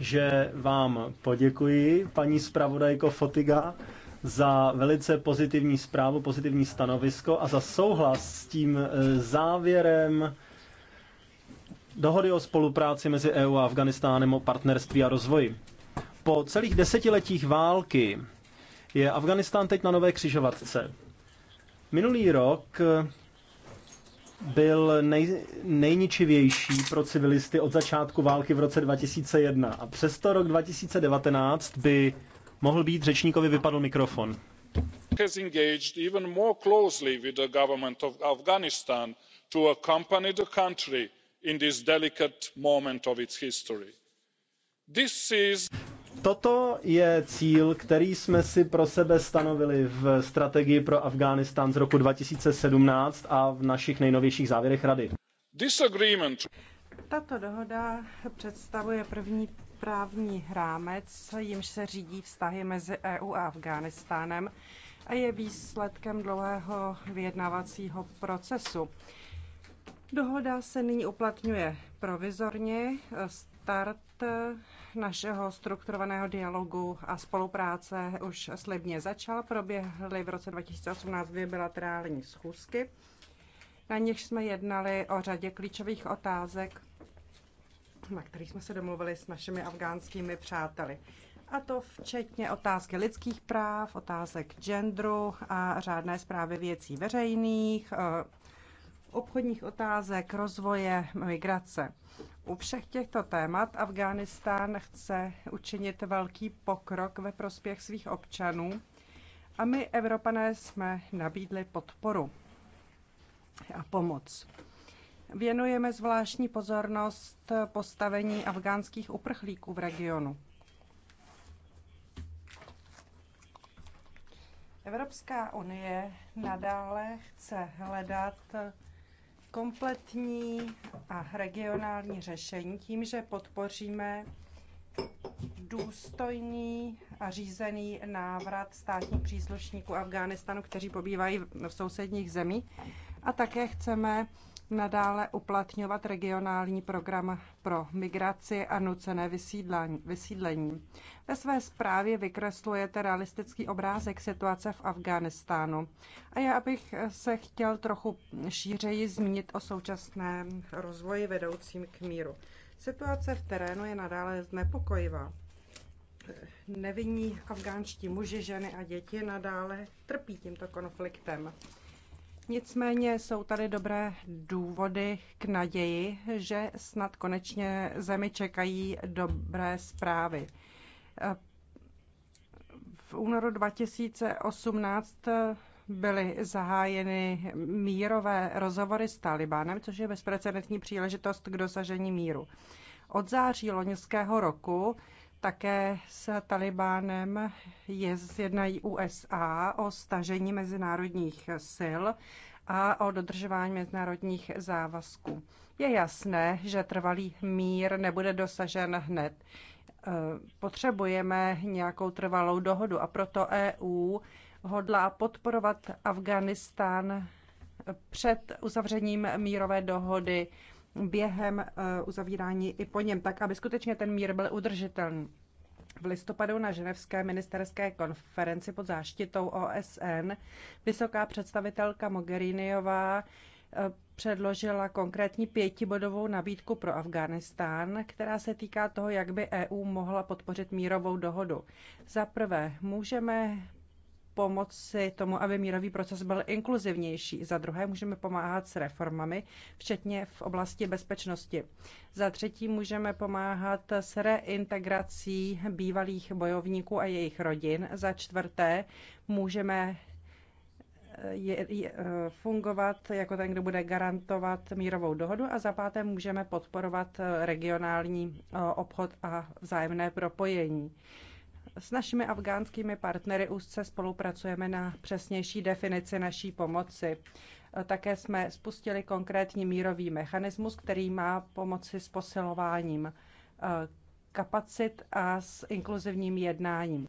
že vám poděkuji, paní zpravodajko Fotiga, za velice pozitivní zprávu, pozitivní stanovisko a za souhlas s tím eh, závěrem dohody o spolupráci mezi EU a Afganistánem o partnerství a rozvoji. Po celých desetiletích války je Afganistán teď na nové křižovatce. Minulý rok byl nej, nejničivější pro civilisty od začátku války v roce 2001. A přesto rok 2019 by mohl být řečníkovi vypadl mikrofon. has engaged even more closely with the government of Afghanistan to accompany the country in this delicate moment of its history. This is Toto je cíl, který jsme si pro sebe stanovili v strategii pro Afghánistán z roku 2017 a v našich nejnovějších závěrech rady. Tato dohoda představuje první právní rámec, jimž se řídí vztahy mezi EU a Afghánistánem a je výsledkem dlouhého vyjednávacího procesu. Dohoda se nyní uplatňuje provizorně. Start Eh, našeho strukturovaného dialogu a spolupráce už slibně začal. Proběhly v roce 2018 dvě bilaterální schůzky, na nich jsme jednali o řadě klíčových otázek, na kterých jsme se domluvili s našimi afgánskými přáteli. A to včetně otázky lidských práv, otázek genderu a řádné zprávy věcí veřejných, eh, obchodních otázek, rozvoje, migrace. U všech těchto témat Afghánistán chce učinit velký pokrok ve prospěch svých občanů a my, Evropané, jsme nabídli podporu a pomoc. Věnujeme zvláštní pozornost postavení afgánských uprchlíků v regionu. Evropská unie nadále chce hledat kompletní a regionální řešení tím, že podpoříme důstojný a řízený návrat státních příslušníků Afghánistánu, kteří pobývají v sousedních zemích. A také chceme nadále uplatňovat regionální program pro migraci a nucené vysídlení. Ve své zprávě vykreslujete realistický obrázek situace v Afghánistánu. A já bych se chtěl trochu šířeji zmínit o současném rozvoji vedoucím k míru. Situace v terénu je nadále znepokojivá. Nevinní afgánští muži, ženy a děti nadále trpí tímto konfliktem. Nicméně jsou tady dobré důvody k naději, že snad konečně zemi čekají dobré zprávy. V únoru 2018 byly zahájeny mírové rozhovory s Talibánem, což je bezprecedentní příležitost k dosažení míru. Od září loňského roku také s Talibánem je jednají USA o stažení mezinárodních sil a o dodržování mezinárodních závazků. Je jasné, že trvalý mír nebude dosažen hned. E, potřebujeme nějakou trvalou dohodu a proto EU hodlá podporovat Afganistán před uzavřením mírové dohody během eh, uzavírání i po něm, tak aby skutečně ten mír byl udržitelný. V listopadu na ženevské ministerské konferenci pod záštitou OSN vysoká představitelka Mogheriniová eh, předložila konkrétní pětibodovou nabídku pro Afghánistán, která se týká toho, jak by EU mohla podpořit mírovou dohodu. Za prvé, můžeme pomoci tomu, aby mírový proces byl inkluzivnější. Za druhé můžeme pomáhat s reformami, včetně v oblasti bezpečnosti. Za třetí můžeme pomáhat s reintegrací bývalých bojovníků a jejich rodin. Za čtvrté můžeme eh, je, je, eh, fungovat jako ten, kdo bude garantovat mírovou dohodu a za páté můžeme podporovat eh, regionální obchod a vzájemné propojení. S našimi afgánskými partnery úzce spolupracujeme na přesnější definici naší pomoci. E, také jsme spustili konkrétní mírový mechanismus, který má pomoci s posilováním e, kapacit a s inkluzivním jednáním.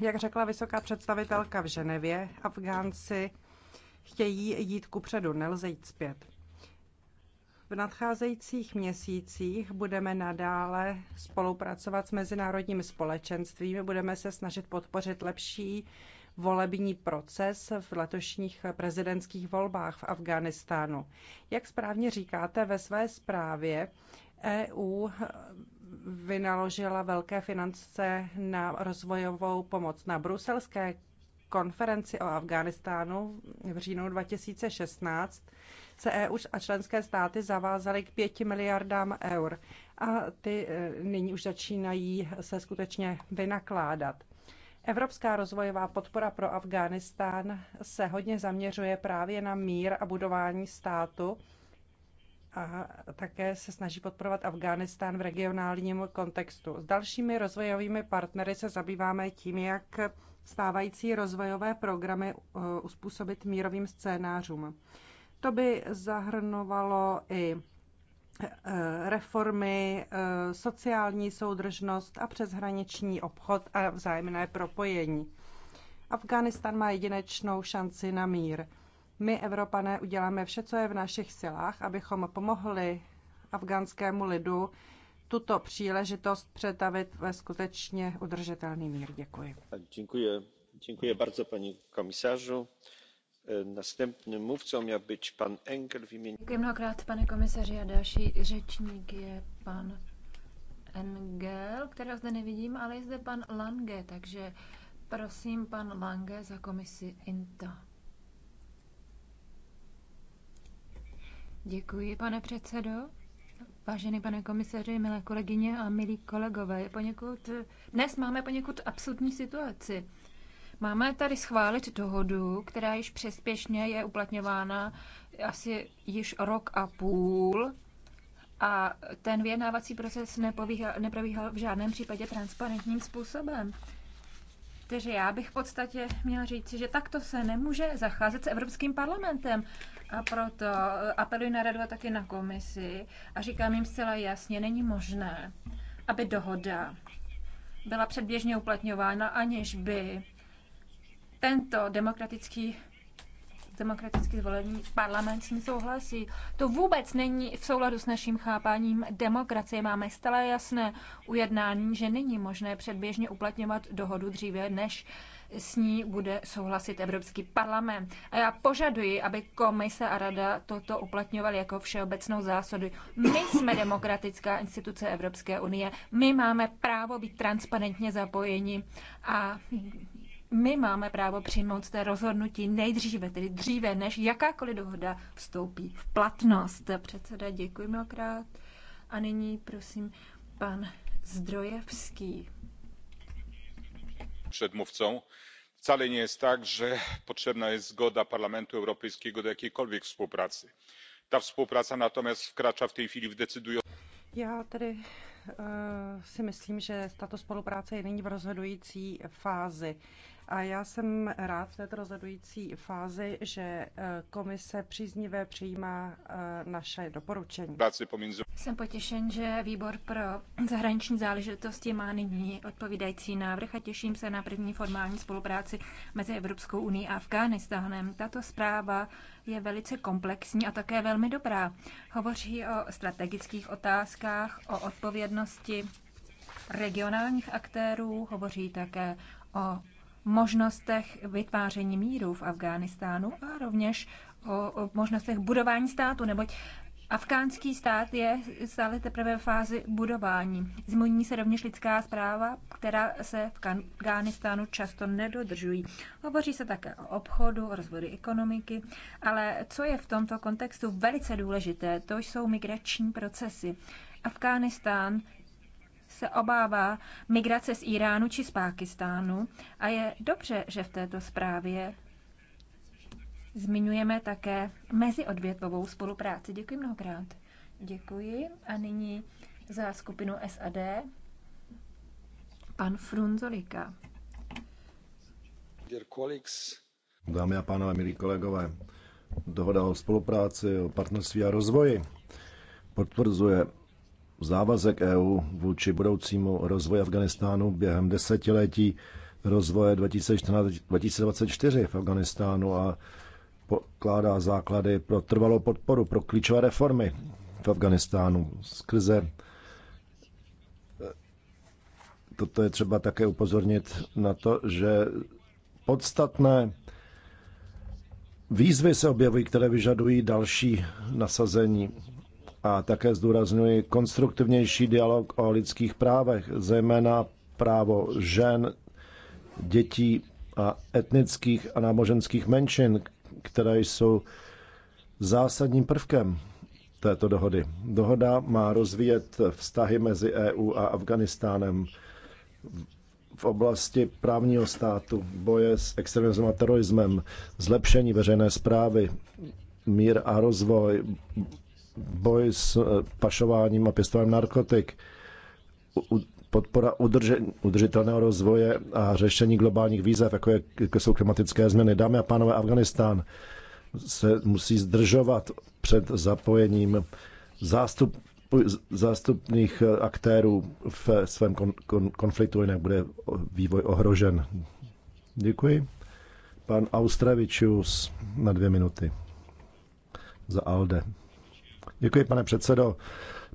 Jak řekla vysoká představitelka v Ženevě, Afgánci chtějí jít kupředu, nelze jít zpět. V nadcházejících měsících budeme nadále spolupracovat s mezinárodním společenstvím, budeme se snažit podpořit lepší volební proces v letošních prezidentských volbách v Afghánistánu. Jak správně říkáte ve své zprávě, EU vynaložila velké finance na rozvojovou pomoc na bruselské konferenci o Afghánistánu v říjnu 2016 se EU a členské státy zavázaly k 5 miliardám eur a ty eh, nyní už začínají se skutečně vynakládat. Evropská rozvojová podpora pro Afghánistán se hodně zaměřuje právě na mír a budování státu a také se snaží podporovat Afghánistán v regionálním kontextu. S dalšími rozvojovými partnery se zabýváme tím, jak stávající rozvojové programy eh, uspůsobit mírovým scénářům. To by zahrnovalo i e, reformy, e, sociální soudržnost a přeshraniční obchod a vzájemné propojení. Afghánistán má jedinečnou šanci na mír. My, Evropané, uděláme vše, co je v našich silách, abychom pomohli afgánskému lidu tuto příležitost přetavit ve skutečně udržitelný mír. Děkuji. Děkuji. Děkuji bardzo, paní komisařu. E, Děkuji mnohokrát, pane komisaři, a další řečník je pan Engel, kterého zde nevidím, ale je zde pan Lange, takže prosím pan Lange za komisi INTA. Děkuji, pane předsedo. Vážený pane komisaři, milé kolegyně a milí kolegové, poněkud, dnes máme poněkud absurdní situaci. Máme tady schválit dohodu, která již přespěšně je uplatňována asi již rok a půl a ten vyjednávací proces neprobíhal v žádném případě transparentním způsobem. Takže já bych v podstatě měla říct, že takto se nemůže zacházet s Evropským parlamentem. A proto apeluji na radu a taky na komisi a říkám jim zcela jasně, není možné, aby dohoda byla předběžně uplatňována, aniž by tento demokratický demokraticky zvolený parlament s ním souhlasí. To vůbec není v souladu s naším chápáním demokracie. Máme stále jasné ujednání, že není možné předběžně uplatňovat dohodu dříve, než s ní bude souhlasit Evropský parlament. A já požaduji, aby komise a rada toto uplatňovaly jako všeobecnou zásadu. My jsme demokratická instituce Evropské unie. My máme právo být transparentně zapojeni a my máme právo přijmout té rozhodnutí nejdříve, tedy dříve, než jakákoliv dohoda vstoupí v platnost. Předseda, děkuji mnohokrát. A nyní prosím pan Zdrojevský. Předmluvcou. Wcale nie jest tak, że potrzebna jest zgoda Parlamentu Europejskiego do jakiejkolwiek współpracy. Ta współpraca natomiast wkracza w tej chwili w decydujący. Já tedy uh, si myslím, že tato spolupráce je nyní v rozhodující fázi. A já jsem rád v této rozhodující fázi, že eh, komise příznivě přijímá eh, naše doporučení. Jsem potěšen, že výbor pro zahraniční záležitosti má nyní odpovídající návrh a těším se na první formální spolupráci mezi Evropskou unii a Afghánistánem. Tato zpráva je velice komplexní a také velmi dobrá. Hovoří o strategických otázkách, o odpovědnosti regionálních aktérů, hovoří také o možnostech vytváření míru v Afghánistánu a rovněž o, o možnostech budování státu, neboť Afgánský stát je stále teprve ve fázi budování. Zmíní se rovněž lidská zpráva, která se v Afghánistánu často nedodržují. Hovoří se také o obchodu, o rozvoji ekonomiky, ale co je v tomto kontextu velice důležité, to jsou migrační procesy. Afghánistán se obává migrace z Iránu či z Pákistánu a je dobře, že v této zprávě zmiňujeme také meziodvětovou spolupráci. Děkuji mnohokrát. Děkuji a nyní za skupinu SAD pan Frunzolika. Dámy a pánové, milí kolegové, dohoda o spolupráci, o partnerství a rozvoji potvrzuje závazek EU vůči budoucímu rozvoji Afganistánu během desetiletí rozvoje 2014-2024 v Afganistánu a pokládá základy pro trvalou podporu pro klíčové reformy v Afganistánu skrze toto je třeba také upozornit na to, že podstatné výzvy se objevují, které vyžadují další nasazení a také zdůraznuji konstruktivnější dialog o lidských právech, zejména právo žen, dětí a etnických a náboženských menšin, které jsou zásadním prvkem této dohody. Dohoda má rozvíjet vztahy mezi EU a Afganistánem v oblasti právního státu, boje s extremismem a terorismem, zlepšení veřejné zprávy, mír a rozvoj, boj s eh, pašováním a pěstováním narkotik, podpora udržitelného rozvoje a řešení globálních výzev, jako, je, jako jsou klimatické změny. Dámy a pánové, Afganistán se musí zdržovat před zapojením zástup, zástupných eh, aktérů v svém kon, kon, konfliktu, jinak bude vývoj ohrožen. Děkuji. Pan Austravičius na dvě minuty za ALDE. Děkuji, pane předsedo.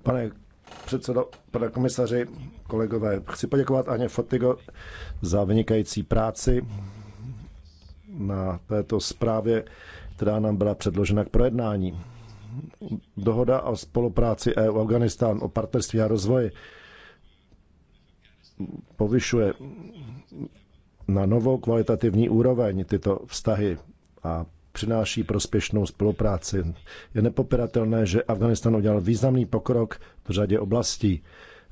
Pane předsedo, pane komisaři, kolegové, chci poděkovat Aně Fotigo za vynikající práci na této zprávě, která nám byla předložena k projednání. Dohoda o spolupráci EU-Afganistán o partnerství a rozvoji povyšuje na novou kvalitativní úroveň tyto vztahy a přináší prospěšnou spolupráci. Je nepopiratelné, že Afganistan udělal významný pokrok v řadě oblastí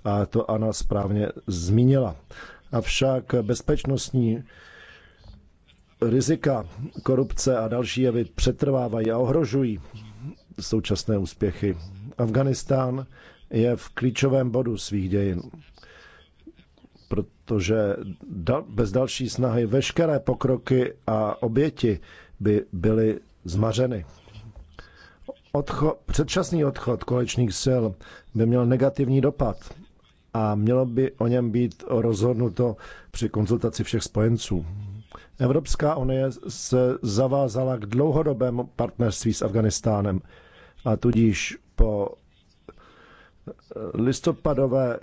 a to Ana správně zmínila. Avšak bezpečnostní rizika, korupce a další jevy přetrvávají a ohrožují současné úspěchy. Afganistán je v klíčovém bodu svých dějin, protože bez další snahy veškeré pokroky a oběti by byly zmařeny. Odcho- předčasný odchod kolečných sil by měl negativní dopad a mělo by o něm být rozhodnuto při konzultaci všech spojenců. Evropská unie se zavázala k dlouhodobému partnerství s Afganistánem a tudíž po listopadové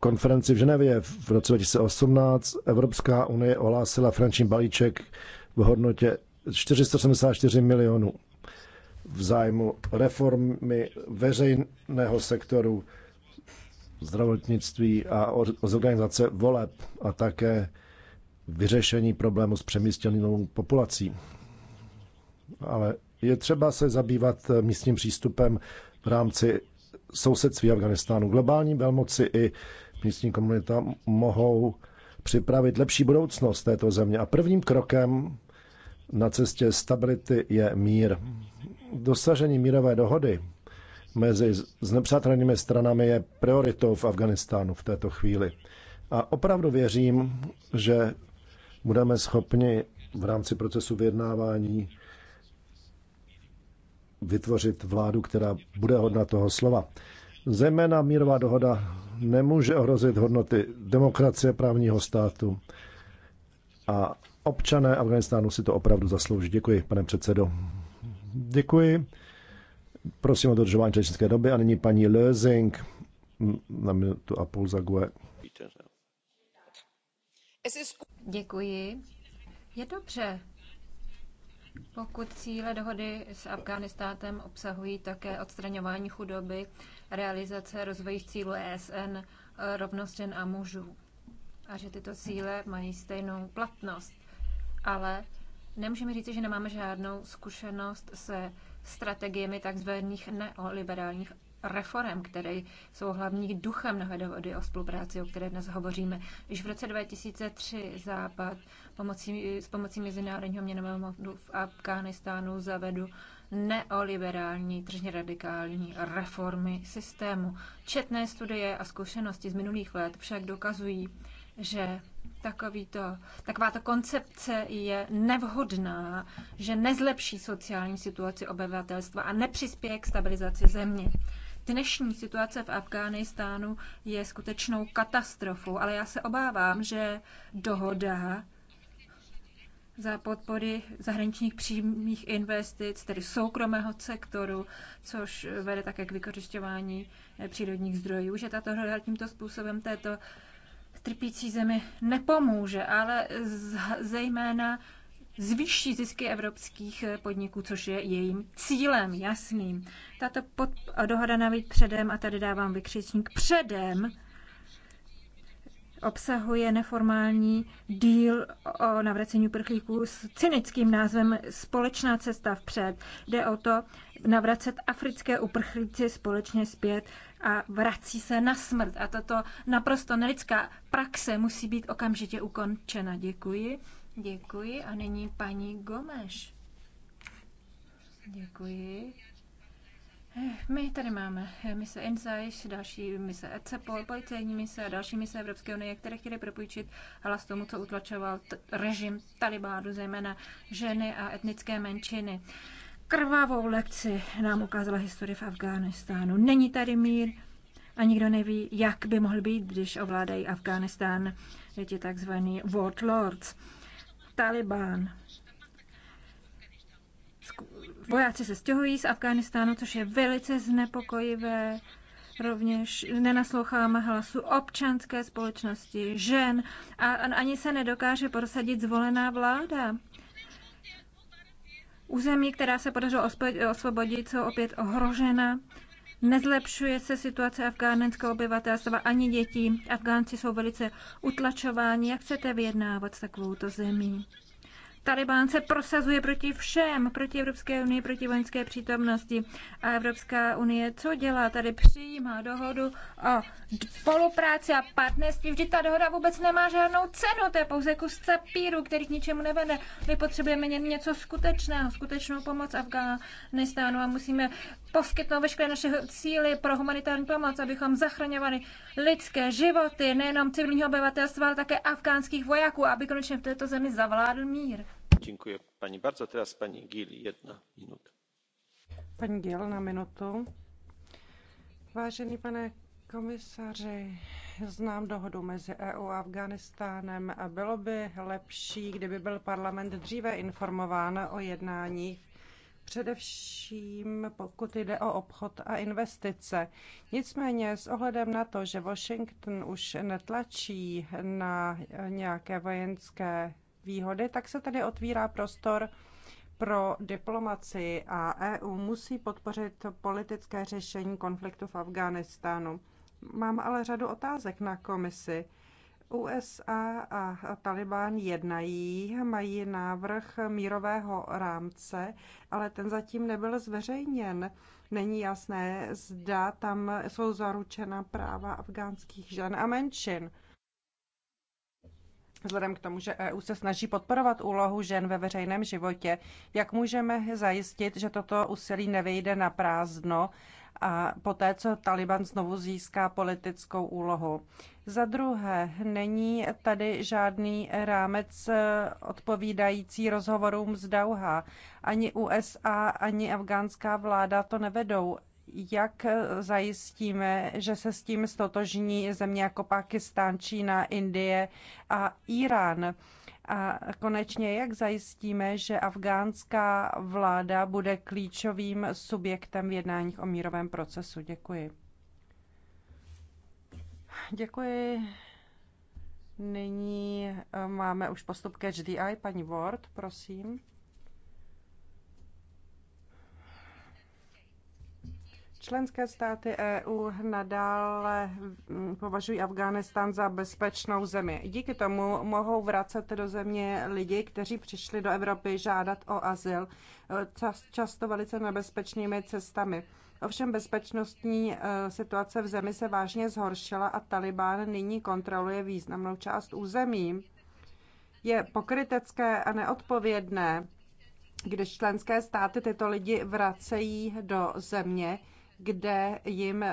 konferenci v Ženevě v roce 2018 Evropská unie ohlásila finanční balíček v hodnotě 474 milionů v zájmu reformy veřejného sektoru zdravotnictví a organizace voleb a také vyřešení problému s přemístěnou populací. Ale je třeba se zabývat eh, místním přístupem v rámci sousedství Afganistánu. Globální velmoci i místní komunita mohou připravit lepší budoucnost této země. A prvním krokem na cestě stability je mír. Dosažení mírové dohody mezi znepřátelenými stranami je prioritou v Afganistánu v této chvíli. A opravdu věřím, že budeme schopni v rámci procesu vyjednávání vytvořit vládu, která bude hodna toho slova. Zejména mírová dohoda nemůže ohrozit hodnoty demokracie, právního státu a Občané Afganistánu si to opravdu zaslouží. Děkuji, pane předsedo. Děkuji. Prosím o dodržování řečnické doby a nyní paní Lösing na minutu a půl za GUE. Děkuji. Je dobře, pokud cíle dohody s Afganistátem obsahují také odstraňování chudoby, realizace rozvojích cílů ESN, rovnost žen a mužů a že tyto cíle mají stejnou platnost ale nemůžeme říct, že nemáme žádnou zkušenost se strategiemi takzvaných neoliberálních reform, které jsou hlavní duchem nové dohody o spolupráci, o které dnes hovoříme. Již v roce 2003 Západ pomocí, s pomocí Mezinárodního měnového fondu v Afghánistánu zavedl neoliberální, tržně radikální reformy systému. Četné studie a zkušenosti z minulých let však dokazují, že takovýto, ta koncepce je nevhodná, že nezlepší sociální situaci obyvatelstva a nepřispěje k stabilizaci země. Dnešní situace v Afghánistánu je skutečnou katastrofou, ale já se obávám, že dohoda za podpory zahraničních přímých investic, tedy soukromého sektoru, což vede také k vykořišťování přírodních zdrojů, že tato dohoda tímto způsobem této trpící zemi nepomůže, ale zejména zvýší zisky evropských podniků, což je jejím cílem jasným. Tato pod- dohoda navíc předem, a tady dávám vykřičník, předem obsahuje neformální díl o navracení uprchlíků s cynickým názvem Společná cesta vpřed. Jde o to navracet africké uprchlíci společně zpět a vrací se na smrt. A tato naprosto nelidská praxe musí být okamžitě ukončena. Děkuji. Děkuji. A nyní paní Gomeš. Děkuji. My tady máme mise Insight, další mise ECPO, policejní mise a další mise Evropské unie, které chtěly propůjčit hlas tomu, co utlačoval režim Talibádu, zejména ženy a etnické menšiny. Krvavou lekci nám ukázala historie v Afghánistánu. Není tady mír a nikdo neví, jak by mohl být, když ovládají Afghánistán ti takzvaný warlords. Talibán vojáci se stěhují z Afghánistánu, což je velice znepokojivé. Rovněž nenasloucháme hlasu občanské společnosti, žen a ani se nedokáže prosadit zvolená vláda. Území, která se podařilo osvobodit, jsou opět ohrožena. Nezlepšuje se situace afgánského obyvatelstva ani dětí. Afgánci jsou velice utlačováni. Jak chcete vyjednávat s takovouto zemí? Taliban se prosazuje proti všem, proti Evropské unii, proti vojenské přítomnosti. A Evropská unie co dělá? Tady přijímá dohodu o spolupráci a partnerství. Vždyť ta dohoda vůbec nemá žádnou cenu, to je pouze kus papíru, který k ničemu nevede. My potřebujeme něco skutečného, skutečnou pomoc Afganistánu a musíme poskytnout veškeré naše cíly pro humanitární pomoc, abychom zachraňovali lidské životy, nejenom civilního obyvatelstva, ale také afgánských vojáků, aby konečně v této zemi zavládl mír. Děkuji paní bardzo. Teraz paní Gil, jedna minuta. Paní Gil na minutu. Vážený pane komisaři, znám dohodu mezi EU a Afganistánem a bylo by lepší, kdyby byl parlament dříve informován o jednáních především pokud jde o obchod a investice. Nicméně s ohledem na to, že Washington už netlačí na nějaké vojenské výhody, tak se tady otvírá prostor pro diplomaci a EU musí podpořit politické řešení konfliktu v Afghánistánu. Mám ale řadu otázek na komisi. USA a Taliban jednají, mají návrh mírového rámce, ale ten zatím nebyl zveřejněn. Není jasné, zda tam jsou zaručena práva afgánských žen a menšin. Vzhledem k tomu, že EU se snaží podporovat úlohu žen ve veřejném životě, jak můžeme zajistit, že toto úsilí nevyjde na prázdno a poté, co Taliban znovu získá politickou úlohu. Za druhé, není tady žádný rámec eh, odpovídající rozhovorům z Dauha. Ani USA, ani afgánská vláda to nevedou. Jak eh, zajistíme, že se s tím stotožní země jako Pakistán, Čína, Indie a Irán? A konečně, jak zajistíme, že afgánská vláda bude klíčovým subjektem v jednáních o mírovém procesu? Děkuji. Děkuji. Nyní eh, máme už postup Catch the Eye. Paní Ward, prosím. Členské státy EU nadále mm, považují Afghánistán za bezpečnou zemi. Díky tomu mohou vracet do země lidi, kteří přišli do Evropy žádat o azyl, často velice nebezpečnými cestami. Ovšem bezpečnostní e, situace v zemi se vážně zhoršila a Taliban nyní kontroluje významnou část území. Je pokrytecké a neodpovědné, když členské státy tyto lidi vracejí do země, kde jim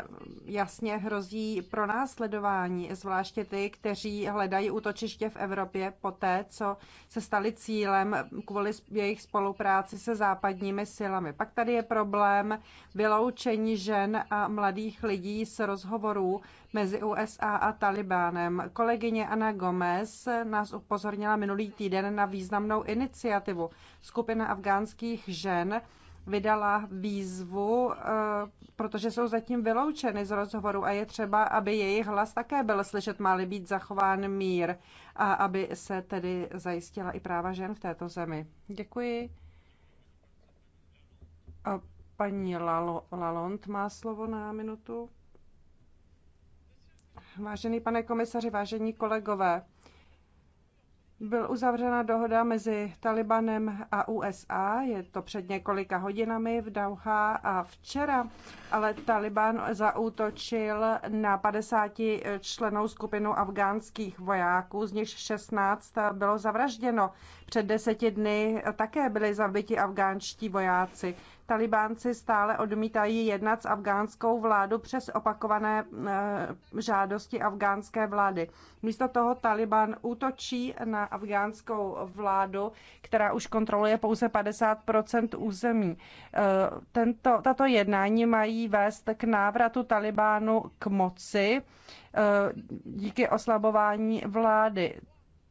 jasně hrozí pronásledování, zvláště ty, kteří hledají útočiště v Evropě po té, co se stali cílem kvůli jejich spolupráci se západními silami. Pak tady je problém vyloučení žen a mladých lidí z rozhovorů mezi USA a Talibánem. Kolegyně Ana Gomez nás upozornila minulý týden na významnou iniciativu. Skupina afgánských žen vydala výzvu, eh, protože jsou zatím vyloučeny z rozhovoru a je třeba, aby jejich hlas také byl slyšet, má být zachován mír a aby se tedy zajistila i práva žen v této zemi. Děkuji. A paní Lalo, Lalond má slovo na minutu. Vážený pane komisaři, vážení kolegové, byl uzavřena dohoda mezi Talibanem a USA, je to před několika hodinami v Dauha a včera, ale Taliban zaútočil na 50 členou skupinu afgánských vojáků, z nich 16 bylo zavražděno. Před deseti dny také byli zabiti afgánští vojáci. Talibánci stále odmítají jednat s afgánskou vládu přes opakované eh, žádosti afgánské vlády. Místo toho Taliban útočí na afgánskou vládu, která už kontroluje pouze 50 území. Eh, tento, tato jednání mají vést k návratu Talibánu k moci eh, díky oslabování vlády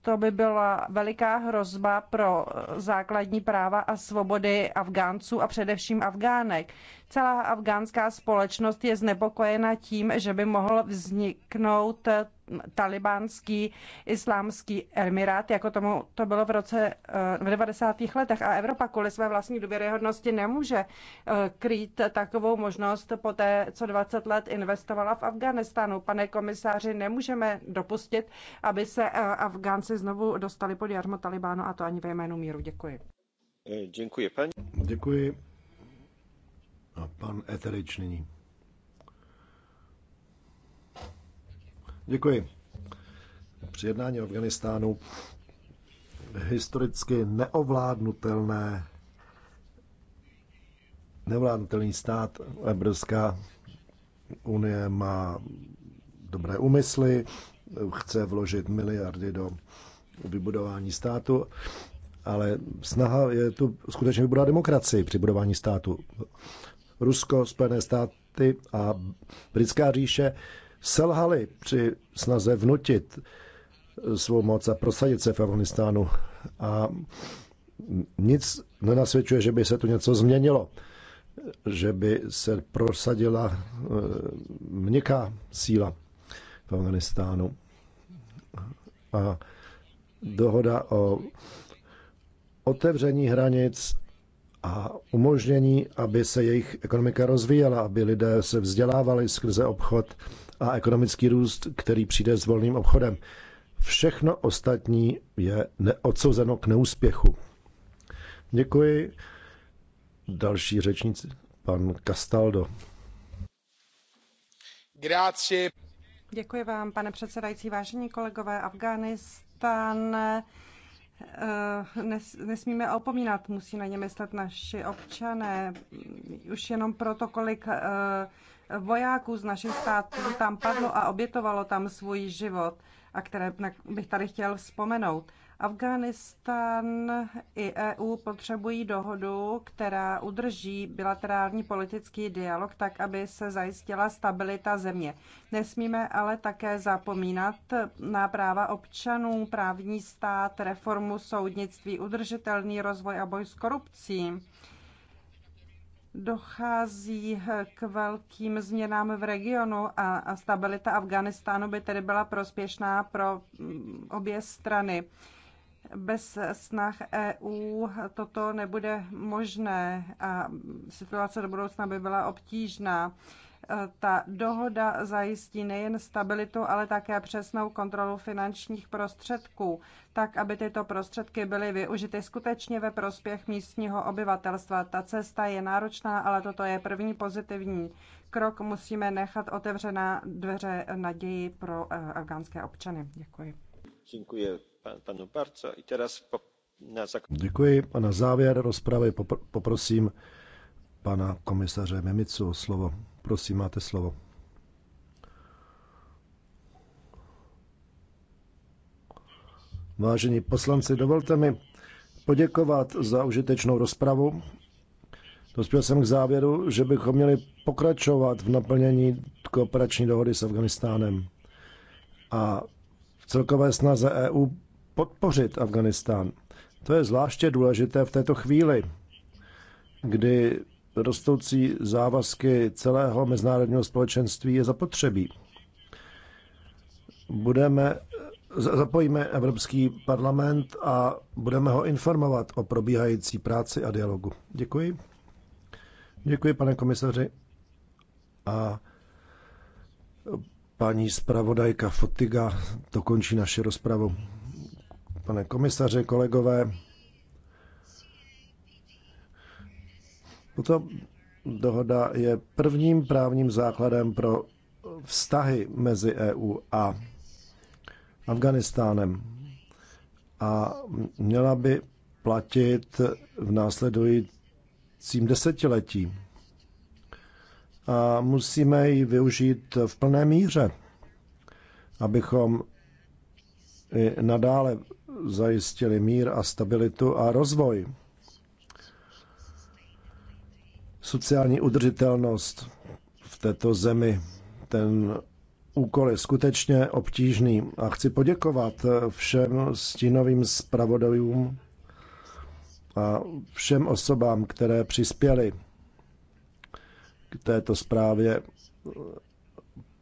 to by byla veliká hrozba pro základní práva a svobody Afgánců a především Afgánek. Celá afgánská společnost je znepokojena tím, že by mohl vzniknout talibánský islámský emirát, jako tomu to bylo v roce eh, v 90. letech. A Evropa kvůli své vlastní důvěryhodnosti nemůže eh, krýt takovou možnost po té, co 20 let investovala v Afganistánu. Pane komisáři, nemůžeme dopustit, aby se eh, Afgánci znovu dostali pod jarmo Talibánu a to ani ve jménu míru. Děkuji. Děkuji, paní. Děkuji. A pan Eterič nyní. Děkuji. Při jednání Afganistánu historicky neovládnutelné neovládnutelný stát Evropská unie má dobré úmysly, chce vložit miliardy do vybudování státu, ale snaha je tu skutečně vybudovat demokracii při budování státu. Rusko, Spojené státy a Britská říše selhali při snaze vnutit svou moc a prosadit se v Afganistánu. A nic nenasvědčuje, že by se tu něco změnilo, že by se prosadila eh, měkká síla v Afganistánu. A dohoda o otevření hranic a umožnění, aby se jejich ekonomika rozvíjela, aby lidé se vzdělávali skrze obchod a ekonomický růst, který přijde s volným obchodem. Všechno ostatní je neodsouzeno k neúspěchu. Děkuji. Další řečníci, pan Castaldo. Grazie. Děkuji vám, pane předsedající, vážení kolegové. Afganistán Eh, nes, nesmíme opomínat, musí na ně myslet naši občané. Už jenom proto, kolik eh, vojáků z našich států tam padlo a obětovalo tam svůj život, a které bych tady chtěl vzpomenout. Afghánistán i EU potřebují dohodu, která udrží bilaterální politický dialog tak, aby se zajistila stabilita země. Nesmíme ale také zapomínat na práva občanů, právní stát, reformu soudnictví, udržitelný rozvoj a boj s korupcí. Dochází k velkým změnám v regionu a, stabilita Afganistánu by tedy byla prospěšná pro obě strany bez snah EU toto nebude možné a situace do budoucna by byla obtížná. Ta dohoda zajistí nejen stabilitu, ale také přesnou kontrolu finančních prostředků, tak aby tyto prostředky byly využity skutečně ve prospěch místního obyvatelstva. Ta cesta je náročná, ale toto je první pozitivní krok. Musíme nechat otevřená dveře naději pro eh, afgánské občany. Děkuji. Děkuji Děkuji a na závěr rozpravy poprosím pana komisaře Memicu o slovo. Prosím, máte slovo. Vážení poslanci, dovolte mi poděkovat za užitečnou rozpravu. Dospěl jsem k závěru, že bychom měli pokračovat v naplnění kooperační dohody s Afganistánem a v celkové snaze EU podpořit Afganistán. To je zvláště důležité v této chvíli, kdy rostoucí závazky celého mezinárodního společenství je zapotřebí. Budeme, zapojíme Evropský parlament a budeme ho informovat o probíhající práci a dialogu. Děkuji. Děkuji, pane komisaři. A paní zpravodajka Fotiga dokončí naši rozpravu pane komisaře, kolegové. Tuto dohoda je prvním právním základem pro vztahy mezi EU a Afganistánem a měla by platit v následujícím desetiletí. A musíme ji využít v plné míře, abychom i nadále zajistili mír a stabilitu a rozvoj. Sociální udržitelnost v této zemi, ten úkol je skutečně obtížný a chci poděkovat všem stínovým zpravodajům a všem osobám, které přispěly k této zprávě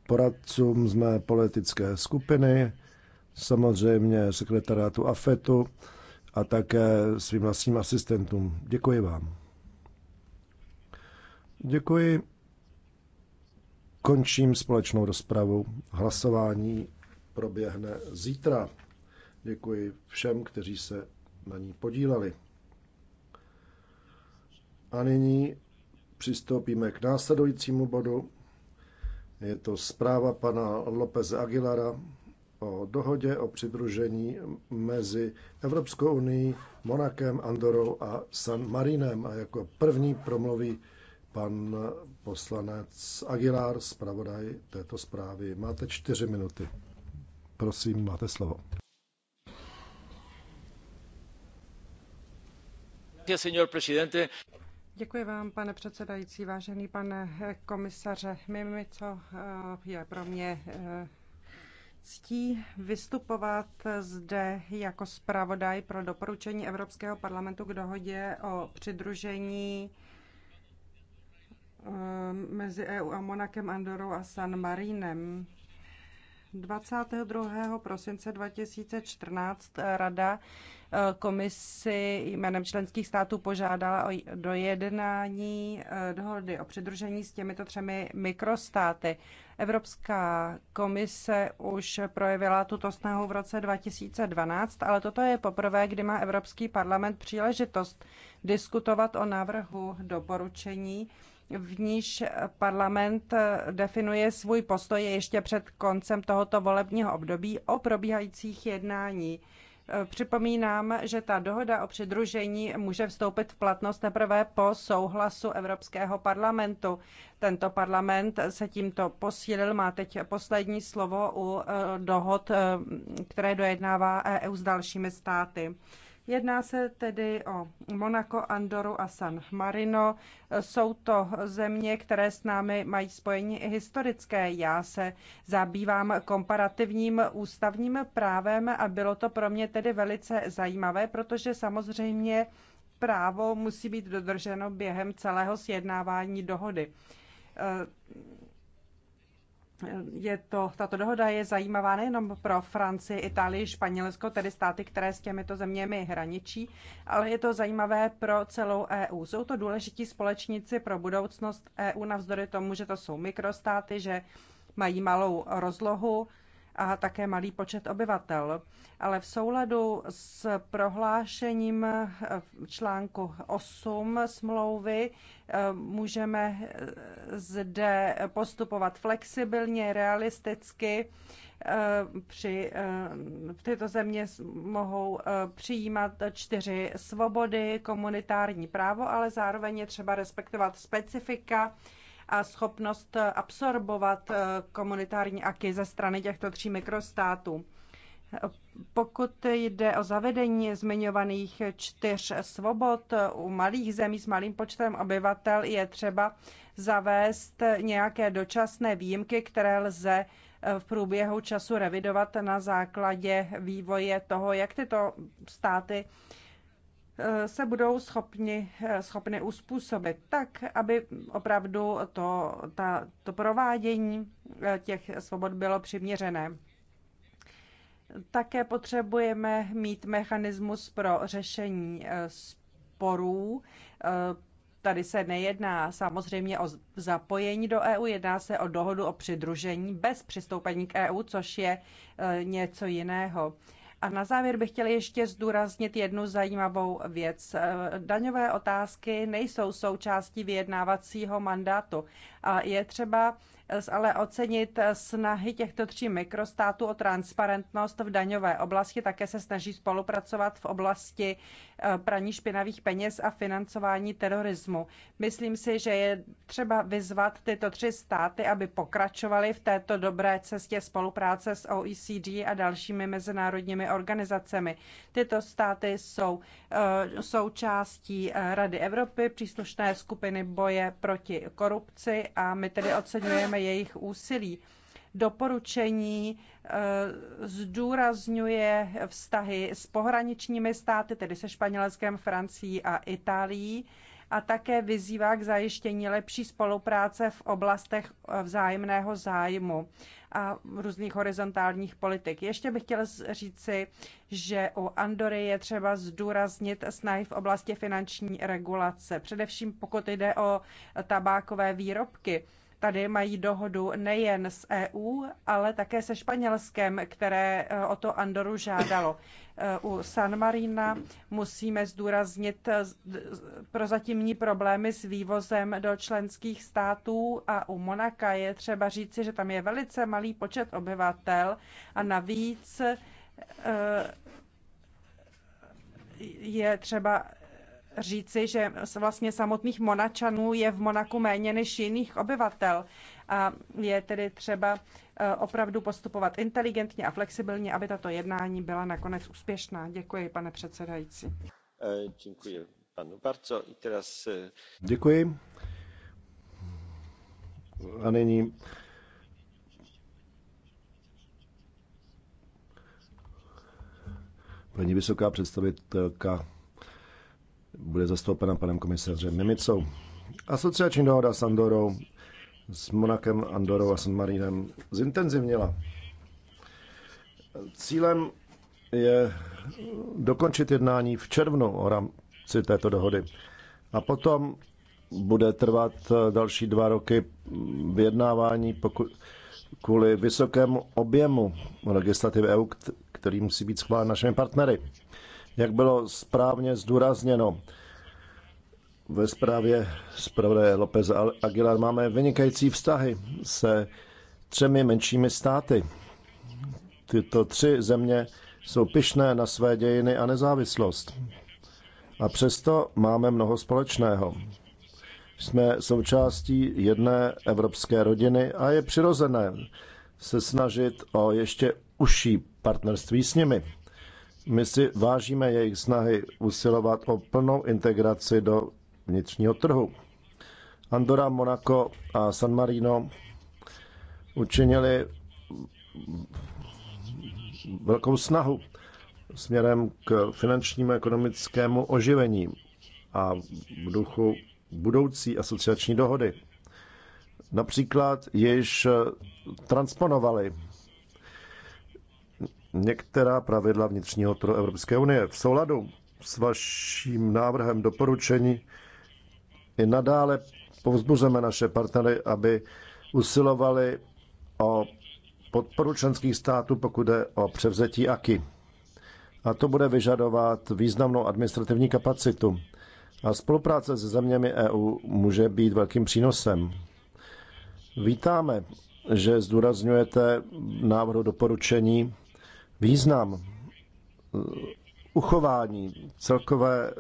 poradcům z mé politické skupiny, samozřejmě sekretarátu AFETu a také svým vlastním asistentům. Děkuji vám. Děkuji. Končím společnou rozpravu. Hlasování proběhne zítra. Děkuji všem, kteří se na ní podíleli. A nyní přistoupíme k následujícímu bodu. Je to zpráva pana Lopeze Aguilara, o dohodě o přidružení mezi Evropskou unii, Monakem, Andorou a San Marinem. A jako první promluví pan poslanec Aguilar, zpravodaj této zprávy. Máte čtyři minuty. Prosím, máte slovo. Děkuji vám, pane předsedající, vážený pane komisaře Mimico. Eh, je pro mě eh, ctí vystupovat zde jako zpravodaj pro doporučení Evropského parlamentu k dohodě o přidružení eh, mezi EU a Monakem, Andorou a San Marinem. 22. prosince 2014 Rada eh, komisi jménem členských států požádala o dojednání eh, dohody o přidružení s těmito třemi mikrostáty. Evropská komise už projevila tuto snahu v roce 2012, ale toto je poprvé, kdy má Evropský parlament příležitost diskutovat o návrhu doporučení v níž parlament definuje svůj postoj ještě před koncem tohoto volebního období o probíhajících jednání. Připomínám, že ta dohoda o přidružení může vstoupit v platnost teprve po souhlasu Evropského parlamentu. Tento parlament se tímto posílil, má teď poslední slovo u eh, dohod, eh, které dojednává EU s dalšími státy. Jedná se tedy o Monako, Andoru a San Marino. Jsou to země, které s námi mají spojení i historické. Já se zabývám komparativním ústavním právem a bylo to pro mě tedy velice zajímavé, protože samozřejmě právo musí být dodrženo během celého sjednávání dohody je to, tato dohoda je zajímavá nejenom pro Francii, Itálii, Španělsko, tedy státy, které s těmito zeměmi hraničí, ale je to zajímavé pro celou EU. Jsou to důležití společníci pro budoucnost EU navzdory tomu, že to jsou mikrostáty, že mají malou rozlohu, a také malý počet obyvatel. Ale v souladu s prohlášením eh, článku 8 smlouvy eh, můžeme eh, zde postupovat flexibilně, realisticky. Při, tyto země mohou přijímat čtyři svobody, komunitární právo, ale zároveň je třeba respektovat specifika a schopnost absorbovat eh, komunitární aky ze strany těchto tří mikrostátů. Pokud jde o zavedení zmiňovaných čtyř svobod eh, u malých zemí s malým počtem obyvatel, je třeba zavést nějaké dočasné výjimky, které lze eh, v průběhu času revidovat na základě vývoje toho, jak tyto státy Eh, se budou schopni, eh, schopni uspůsobit tak, aby opravdu to, ta, to provádění eh, těch svobod bylo přiměřené. Také potřebujeme mít mechanismus pro řešení sporů. Tady se nejedná samozřejmě o zapojení do EU, jedná se o dohodu o přidružení bez přistoupení k EU, což je něco jiného. A na závěr bych chtěla ještě zdůraznit jednu zajímavou věc. Daňové otázky nejsou součástí vyjednávacího mandátu a je třeba ale ocenit snahy těchto tří mikrostátů o transparentnost v daňové oblasti. Také se snaží spolupracovat v oblasti eh, praní špinavých peněz a financování terorismu. Myslím si, že je třeba vyzvat tyto tři státy, aby pokračovaly v této dobré cestě spolupráce s OECD a dalšími mezinárodními organizacemi. Tyto státy jsou eh, součástí eh, Rady Evropy, příslušné skupiny boje proti korupci a my tedy oceňujeme vítáme jejich úsilí. Doporučení eh, zdůrazňuje vztahy s pohraničními státy, tedy se Španělskem, Francií a Itálií a také vyzývá k zajištění lepší spolupráce v oblastech eh, vzájemného zájmu a různých horizontálních politik. Ještě bych chtěla říci, že u Andory je třeba zdůraznit snahy v oblasti finanční regulace, především pokud jde o tabákové výrobky. Tady mají dohodu nejen s EU, ale také se Španělskem, které eh, o to Andoru žádalo. Eh, u San Marina musíme zdůraznit eh, prozatímní problémy s vývozem do členských států a u Monaka je třeba říci, že tam je velice malý počet obyvatel a navíc je třeba říci, že vlastně samotných Monačanů je v Monaku méně než jiných obyvatel a je tedy třeba eh, opravdu postupovat inteligentně a flexibilně, aby tato jednání byla nakonec úspěšná. Děkuji, pane předsedající. Eh, děkuji panu Barco. I teraz... Eh, děkuji. A nyní paní vysoká představitelka bude zastoupena panem komisařem Mimicou. Asociační dohoda s Andorou, s Monakem, Andorou a San Marínem zintenzivnila. Cílem je dokončit jednání v červnu o rámci této dohody. A potom bude trvat další dva roky vyjednávání poku- kvůli vysokému objemu legislativy EU, který musí být schválen našimi partnery. Jak bylo správně zdůrazněno ve zprávě zpravodaje López Aguilar, máme vynikající vztahy se třemi menšími státy. Tyto tři země jsou pyšné na své dějiny a nezávislost. A přesto máme mnoho společného. Jsme součástí jedné evropské rodiny a je přirozené se snažit o ještě užší partnerství s nimi. My si vážíme jejich snahy usilovat o plnou integraci do vnitřního trhu. Andorra, Monaco a San Marino učinili velkou snahu směrem k finančnímu ekonomickému oživení a v duchu budoucí asociační dohody. Například již transponovali některá pravidla vnitřního trhu Evropské unie. V souladu s vaším návrhem doporučení i nadále povzbuzeme naše partnery, aby usilovali o podporu členských států, pokud jde o převzetí AKI. A to bude vyžadovat významnou administrativní kapacitu. A spolupráce se zeměmi EU může být velkým přínosem. Vítáme, že zdůrazňujete návrhu doporučení význam eh, uchování celkové eh,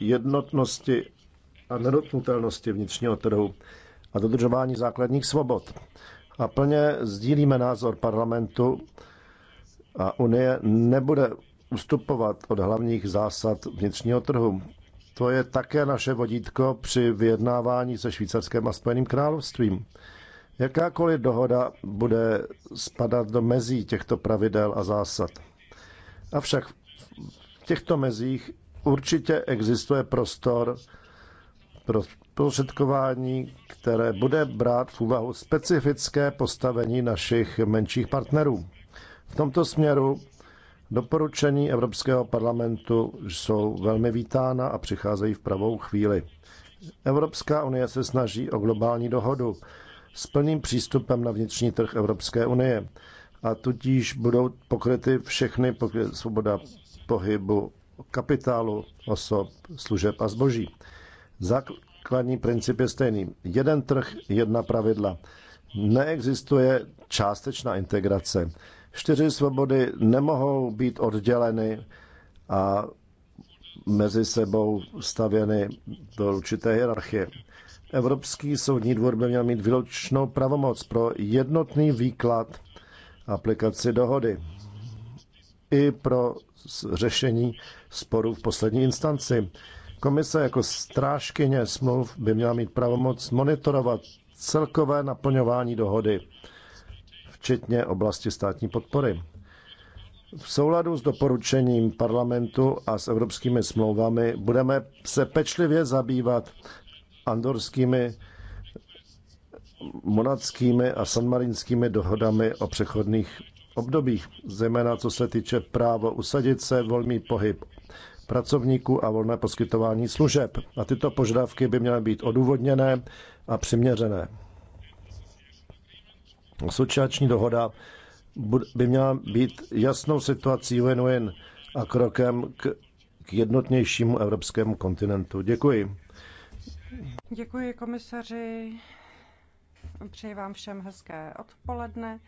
jednotnosti a nedotknutelnosti vnitřního trhu a dodržování základních svobod. A plně sdílíme názor parlamentu a Unie nebude ustupovat od hlavních zásad vnitřního trhu. To je také naše vodítko při vyjednávání se Švýcarském a Spojeným královstvím. Jakákoliv dohoda bude spadat do mezí těchto pravidel a zásad. Avšak v těchto mezích určitě existuje prostor pro prostředkování, které bude brát v úvahu specifické postavení našich menších partnerů. V tomto směru doporučení Evropského parlamentu jsou velmi vítána a přicházejí v pravou chvíli. Evropská unie se snaží o globální dohodu, s plným přístupem na vnitřní trh Evropské unie. A tudíž budou pokryty všechny svoboda pohybu kapitálu, osob, služeb a zboží. Základní princip je stejný. Jeden trh, jedna pravidla. Neexistuje částečná integrace. Čtyři svobody nemohou být odděleny a mezi sebou stavěny do určité hierarchie. Evropský soudní dvůr by měl mít výločnou pravomoc pro jednotný výklad aplikaci dohody i pro řešení sporů v poslední instanci. Komise jako strážkyně smluv by měla mít pravomoc monitorovat celkové naplňování dohody, včetně oblasti státní podpory. V souladu s doporučením parlamentu a s evropskými smlouvami budeme se pečlivě zabývat andorskými, monadskými a sanmarinskými dohodami o přechodných obdobích, zejména co se týče právo usadit se, volný pohyb pracovníků a volné poskytování služeb. A tyto požadavky by měly být odůvodněné a přiměřené. Asociační dohoda by měla být jasnou situací win-win a krokem k jednotnějšímu evropskému kontinentu. Děkuji. Děkuji komisaři. Přeji vám všem hezké odpoledne.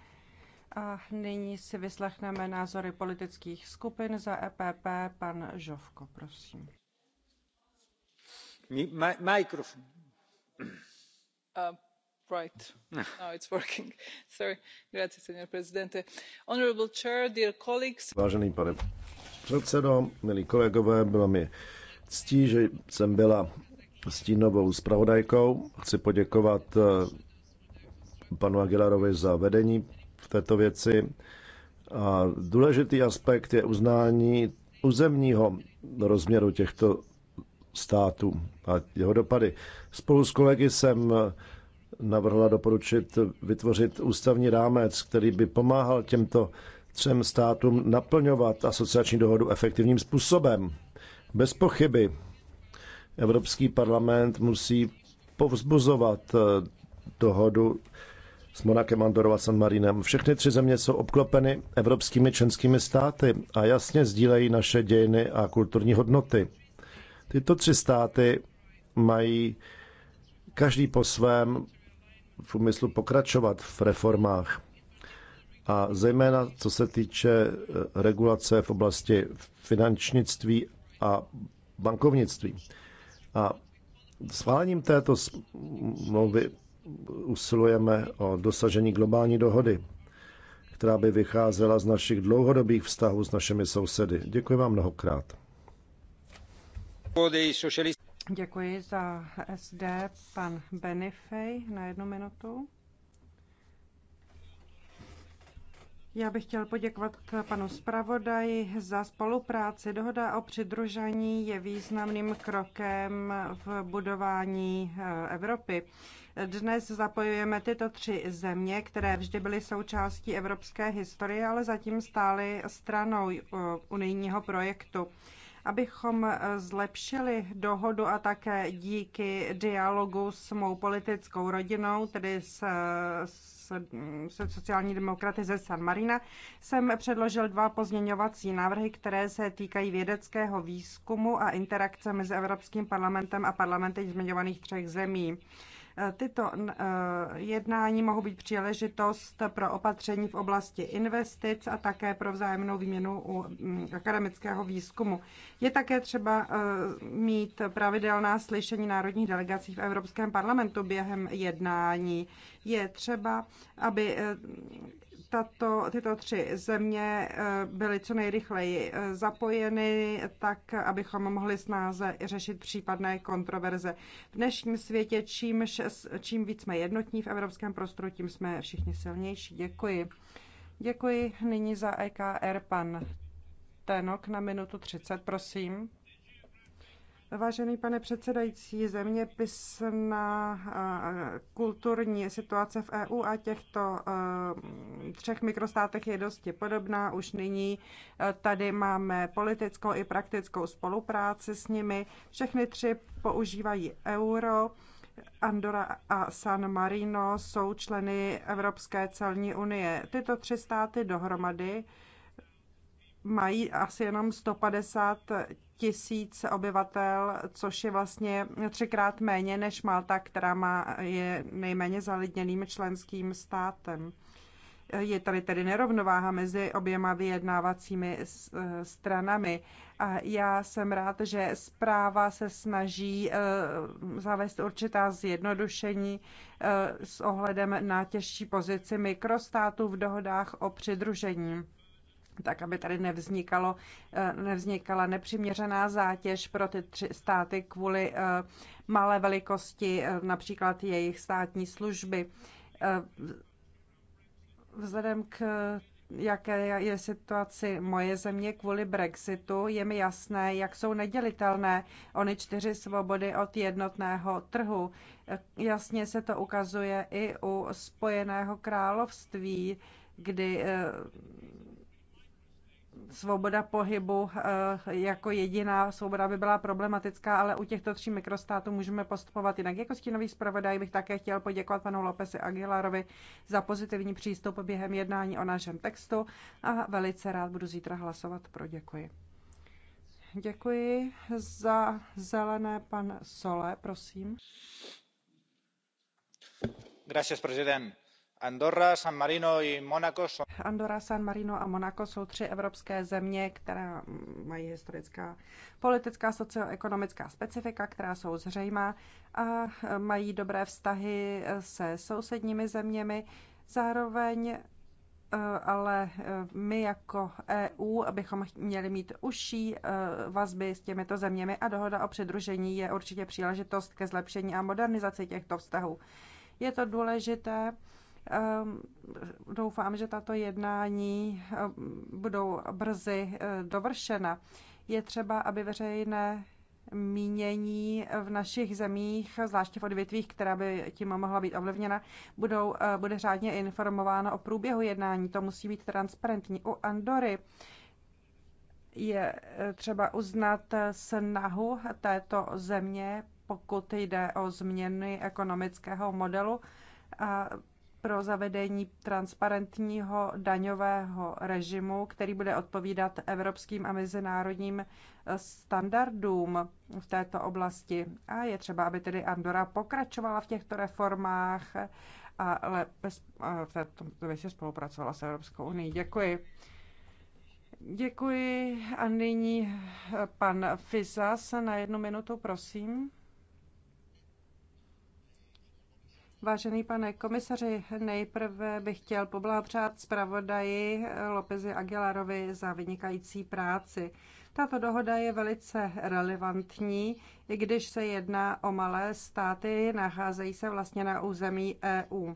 A nyní si vyslechneme názory politických skupin za EPP. Pan Žovko, prosím. Mikrofon. Uh, right. No. Now it's working. Sorry. Grazie, signor presidente. Honorable chair, dear colleagues. Vážený pane předsedo, milí kolegové, bylo mi ctí, že jsem byla stínovou zpravodajkou. Chci poděkovat eh, panu Aguilarovi za vedení v této věci. A důležitý aspekt je uznání územního rozměru těchto států a jeho dopady. Spolu s kolegy jsem eh, navrhla doporučit vytvořit ústavní rámec, který by pomáhal těmto třem státům naplňovat asociační dohodu efektivním způsobem. Bez pochyby Evropský parlament musí povzbuzovat eh, dohodu s Monakem, Andorou a San Marinem. Všechny tři země jsou obklopeny evropskými členskými státy a jasně sdílejí naše dějiny a kulturní hodnoty. Tyto tři státy mají každý po svém v úmyslu pokračovat v reformách. A zejména co se týče eh, regulace v oblasti finančnictví a bankovnictví. A sváním této smlouvy usilujeme o dosažení globální dohody, která by vycházela z našich dlouhodobých vztahů s našimi sousedy. Děkuji vám mnohokrát. Děkuji za SD, pan Benifej, na jednu minutu. Já bych chtěl poděkovat panu zpravodaji za spolupráci. Dohoda o přidružení je významným krokem v budování eh, Evropy. Dnes zapojujeme tyto tři země, které vždy byly součástí evropské historie, ale zatím stály stranou eh, unijního projektu abychom eh, zlepšili dohodu a také díky dialogu s mou politickou rodinou, tedy s, s sociální demokraty ze San Marina jsem předložil dva pozměňovací návrhy, které se týkají vědeckého výzkumu a interakce mezi Evropským parlamentem a parlamenty zmiňovaných třech zemí. Tyto eh, jednání mohou být příležitost pro opatření v oblasti investic a také pro vzájemnou výměnu u mm, akademického výzkumu. Je také třeba eh, mít pravidelná slyšení národních delegací v Evropském parlamentu během jednání. Je třeba, aby eh, tato, tyto tři země eh, byly co nejrychleji eh, zapojeny, tak abychom mohli snáze řešit případné kontroverze. V dnešním světě čím, čím víc jsme jednotní v evropském prostoru, tím jsme všichni silnější. Děkuji. Děkuji nyní za EKR pan Tenok na minutu 30, prosím. Vážený pane předsedající, zeměpisná kulturní situace v EU a těchto třech mikrostátech je dosti podobná. Už nyní tady máme politickou i praktickou spolupráci s nimi. Všechny tři používají euro. Andorra a San Marino jsou členy Evropské celní unie. Tyto tři státy dohromady mají asi jenom 150 tisíc obyvatel, což je vlastně třikrát méně než Malta, která má, je nejméně zalidněným členským státem. Je tady tedy nerovnováha mezi oběma vyjednávacími eh, stranami. A já jsem rád, že zpráva se snaží eh, zavést určitá zjednodušení eh, s ohledem na těžší pozici mikrostátů v dohodách o přidružení tak aby tady nevznikalo, eh, nevznikala nepřiměřená zátěž pro ty tři státy kvůli eh, malé velikosti eh, například jejich státní služby. Vzhledem k jaké je situaci moje země kvůli Brexitu, je mi jasné, jak jsou nedělitelné ony čtyři svobody od jednotného trhu. Jasně se to ukazuje i u Spojeného království, kdy svoboda pohybu eh, jako jediná svoboda by byla problematická, ale u těchto tří mikrostátů můžeme postupovat jinak. Jako stínový zpravodaj bych také chtěl poděkovat panu Lopesi Aguilarovi za pozitivní přístup během jednání o našem textu a velice rád budu zítra hlasovat pro. Děkuji. Děkuji za zelené pan Sole, prosím. Gracias, Andorra, San Marino a Monaco jsou tři evropské země, která mají historická, politická, socioekonomická specifika, která jsou zřejmá a mají dobré vztahy se sousedními zeměmi. Zároveň eh, ale eh, my jako EU bychom měli mít užší eh, vazby s těmito zeměmi a dohoda o přidružení je určitě příležitost ke zlepšení a modernizaci těchto vztahů. Je to důležité Ehm, doufám, že tato jednání ehm, budou brzy eh, dovršena. Je třeba, aby veřejné mínění v našich zemích, zvláště v odvětvích, která by tím mohla být ovlivněna, budou, eh, bude řádně informováno o průběhu jednání. To musí být transparentní. U Andory je eh, třeba uznat snahu této země, pokud jde o změny ekonomického modelu. A pro zavedení transparentního daňového režimu, který bude odpovídat evropským a mezinárodním eh, standardům v této oblasti. A je třeba, aby tedy Andora pokračovala v těchto reformách a lépe v této věci spolupracovala s Evropskou unii. Děkuji. Děkuji a nyní eh, pan Fisas na jednu minutu, prosím. Vážený pane komisaři, nejprve bych chtěl poblahopřát zpravodaji Lopezi Aguilarovi za vynikající práci. Tato dohoda je velice relevantní, i když se jedná o malé státy, nacházejí se vlastně na území EU.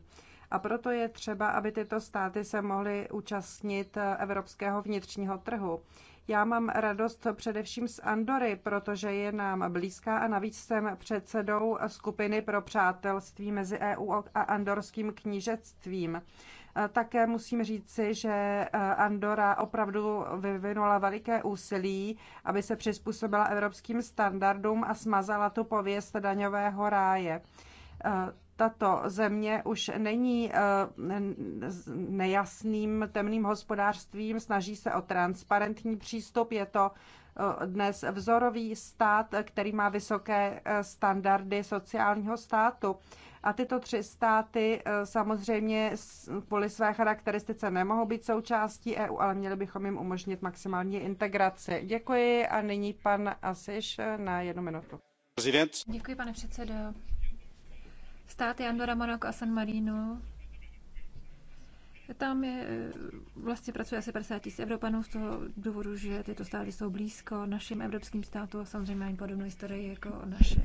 A proto je třeba, aby tyto státy se mohly účastnit evropského vnitřního trhu. Já mám radost především z Andory, protože je nám blízká a navíc jsem předsedou skupiny pro přátelství mezi EU a andorským knížectvím. Také musím říci, že e, Andora opravdu vyvinula veliké úsilí, aby se přizpůsobila evropským standardům a smazala tu pověst daňového ráje. E, tato země už není eh, nejasným temným hospodářstvím, snaží se o transparentní přístup. Je to eh, dnes vzorový stát, který má vysoké eh, standardy sociálního státu. A tyto tři státy samozřejmě kvůli své charakteristice nemohou být součástí EU, ale měli bychom jim umožnit maximální integraci. Děkuji a nyní pan Asiš na jednu minutu. Děkuji, pane předsedo státy Andora, Monaco, a San Marino. Tam je, eh, vlastně pracuje asi 50 tisíc Evropanů z toho důvodu, že tyto státy jsou blízko našim evropským státům a samozřejmě mají podobnou historii jako naše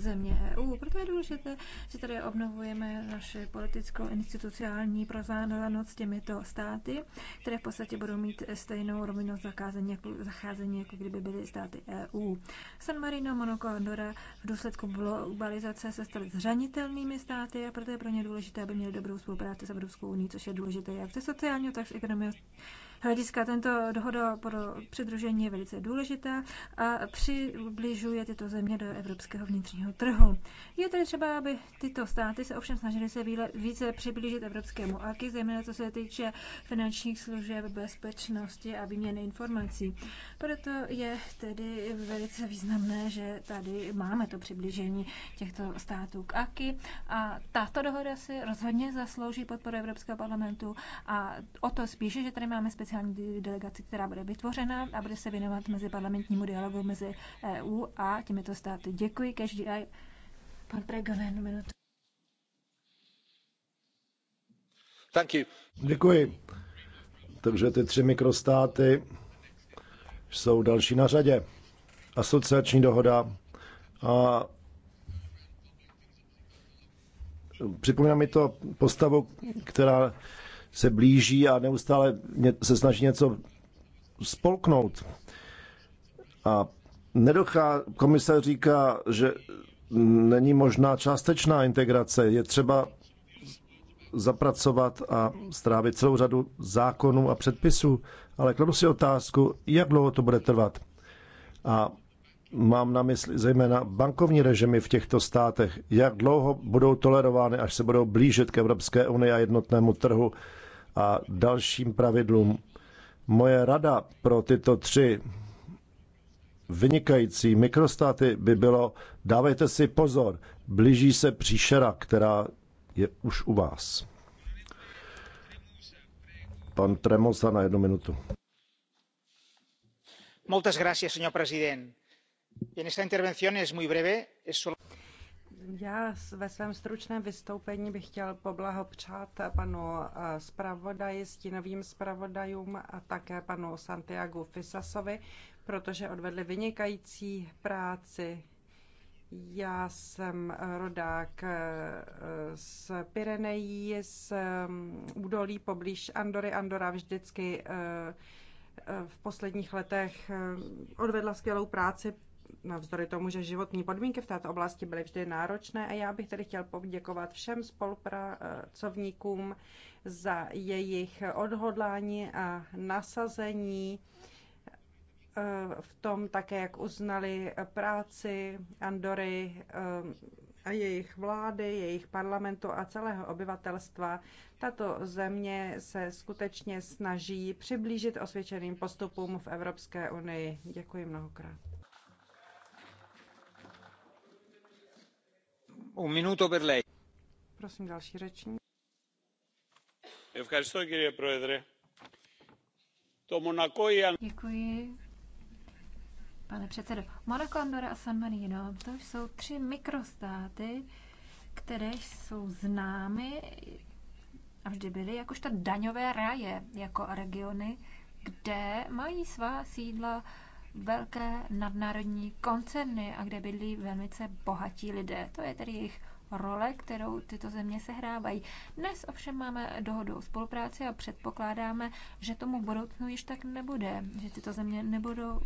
země EU. Proto je důležité, že tady obnovujeme naši politickou institucionální prozánovanost těmito státy, které v podstatě budou mít stejnou rovnost zacházení, jako, zacházení, jako kdyby byly státy EU. San Marino, Monaco Andorra v důsledku globalizace se staly zranitelnými státy a proto je pro ně důležité, aby měli dobrou spolupráci s Evropskou unii, což je důležité jak ze sociálního, tak z ekonomického hlediska tento dohoda pro přidružení je velice důležitá a přibližuje tyto země do evropského vnitřního trhu. Je tedy třeba, aby tyto státy se ovšem snažily se více přiblížit evropskému AKI, zejména co se týče finančních služeb, bezpečnosti a výměny informací. Proto je tedy velice významné, že tady máme to přiblížení těchto států k AKI a tato dohoda si rozhodně zaslouží podporu Evropského parlamentu a o to spíše, že tady máme speciální speciální delegaci, která bude vytvořena a bude se věnovat mezi parlamentnímu dialogu mezi EU a těmito státy. Děkuji, každý a pan Pregoven, minutu. Thank you. Děkuji. Takže ty tři mikrostáty jsou další na řadě. Asociační dohoda a připomíná mi to postavu, která se blíží a neustále se snaží něco spolknout. A nedochá, komise říká, že není možná částečná integrace. Je třeba zapracovat a strávit celou řadu zákonů a předpisů, ale kladu si otázku, jak dlouho to bude trvat. A Mám na mysli zejména bankovní režimy v těchto státech. Jak dlouho budou tolerovány, až se budou blížit k Evropské unii a jednotnému trhu a dalším pravidlům? Moje rada pro tyto tři vynikající mikrostáty by bylo, dávejte si pozor, blíží se příšera, která je už u vás. Pan Tremosa na jednu minutu. Moltes gràcies, senyor president já ve svém stručném vystoupení bych chtěl poblahopřát panu eh, zpravodaji, stínovým zpravodajům a také panu Santiago Fisasovi, protože odvedli vynikající práci. Já jsem rodák eh, z pyrenejí z mm, údolí poblíž Andory. Andora vždycky eh, v posledních letech odvedla skvělou práci navzdory tomu, že životní podmínky v této oblasti byly vždy náročné a já bych tedy chtěl poděkovat všem spolupracovníkům za jejich odhodlání a nasazení eh, v tom také, jak uznali práci Andory eh, a jejich vlády, jejich parlamentu a celého obyvatelstva. Tato země se skutečně snaží přiblížit osvědčeným postupům v Evropské unii. Děkuji mnohokrát. Děkuji, pane předsedající Monako, Andorra a San Marino, to jsou tři mikrostáty, které jsou známy a vždy byly jakožto daňové ráje jako regiony, kde mají svá sídla velké nadnárodní koncerny a kde bydlí velmi bohatí lidé. To je tedy jejich role, kterou tyto země sehrávají. Dnes ovšem máme dohodu o spolupráci a předpokládáme, že tomu v budoucnu již tak nebude, že tyto země nebudou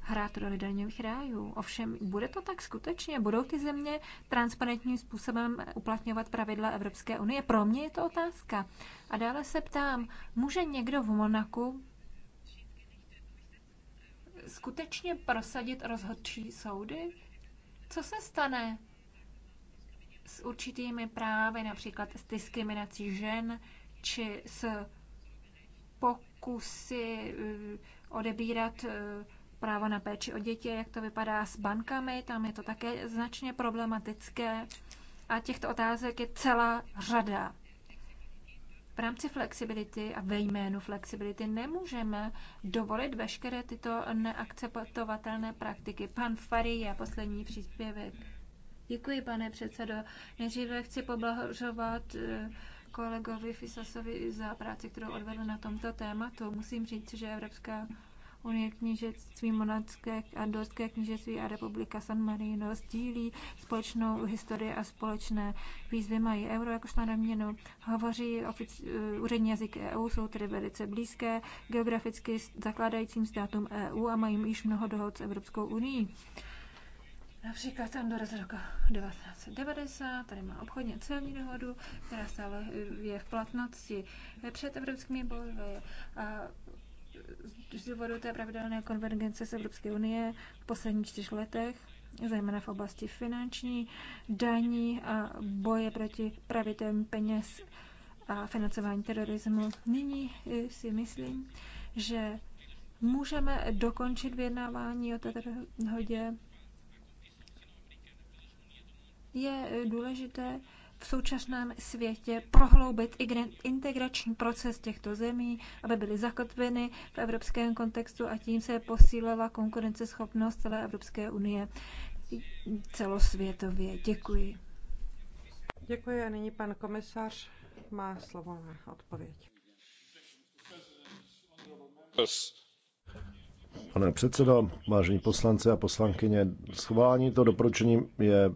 hrát roli daňových rájů. Ovšem, bude to tak skutečně? Budou ty země transparentním způsobem uplatňovat pravidla Evropské unie? Pro mě je to otázka. A dále se ptám, může někdo v Monaku skutečně prosadit rozhodčí soudy? Co se stane s určitými právy, například s diskriminací žen či s pokusy eh, odebírat eh, právo na péči o děti, jak to vypadá s bankami, tam je to také značně problematické. A těchto otázek je celá řada. V rámci flexibility a ve jménu flexibility nemůžeme dovolit veškeré tyto neakceptovatelné praktiky. Pan je poslední příspěvek. Děkuji, pane předsedo. Nejdříve chci poblahožovat eh, kolegovi Fisasovi za práci, kterou odvedl na tomto tématu. Musím říct, že Evropská Unie knížectví Monacké, Andorské knížectví a Republika San Marino sdílí společnou historii a společné výzvy mají euro jako členem měnu. Hovoří eh, úřední jazyk EU, jsou tedy velice blízké geograficky zakládajícím státům EU a mají již mnoho dohod s Evropskou unii. Například Andorra z roku 1990, tady má obchodně celní dohodu, která stále eh, je v platnosti před evropskými bojovy. A z důvodu té pravidelné konvergence z Evropské unie v posledních čtyř letech, zejména v oblasti finanční, daní a boje proti pravitem peněz a financování terorismu. Nyní si myslím, že můžeme dokončit vyjednávání o této hodě. Je důležité, v současném světě prohloubit integrační proces těchto zemí, aby byly zakotveny v evropském kontextu a tím se posílila konkurenceschopnost celé Evropské unie celosvětově. Děkuji. Děkuji a nyní pan komisař má slovo na odpověď. Pane předsedo, vážení poslanci a poslankyně, schválení to doporučení je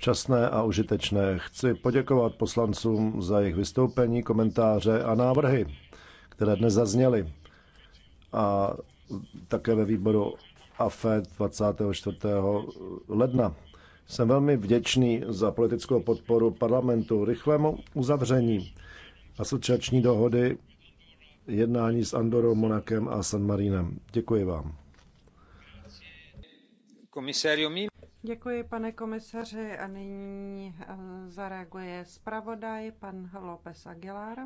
včasné a užitečné. Chci poděkovat poslancům za jejich vystoupení, komentáře a návrhy, které dnes zazněly. A také ve výboru AFE 24. ledna. Jsem velmi vděčný za politickou podporu parlamentu rychlému uzavření asociační dohody jednání s Andorou, Monakem a San Marínem. Děkuji vám. Děkuji, pane komisaři. A nyní eh, zareaguje zpravodaj, pan López Aguilar.